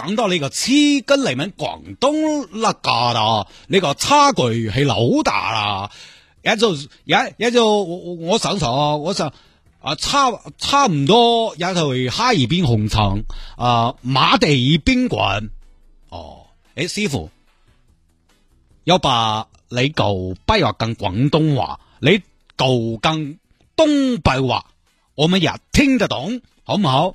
講到呢個車跟你們廣東嗱家啦，呢、這個差距係老大啦。也就也也就我搜索，我搜啊差差唔多，也就哈爾濱紅腸啊馬地爾賓館。哦，誒、欸、師傅，有把你個不要講廣東話，你更東北話，我們也聽得懂，好唔好？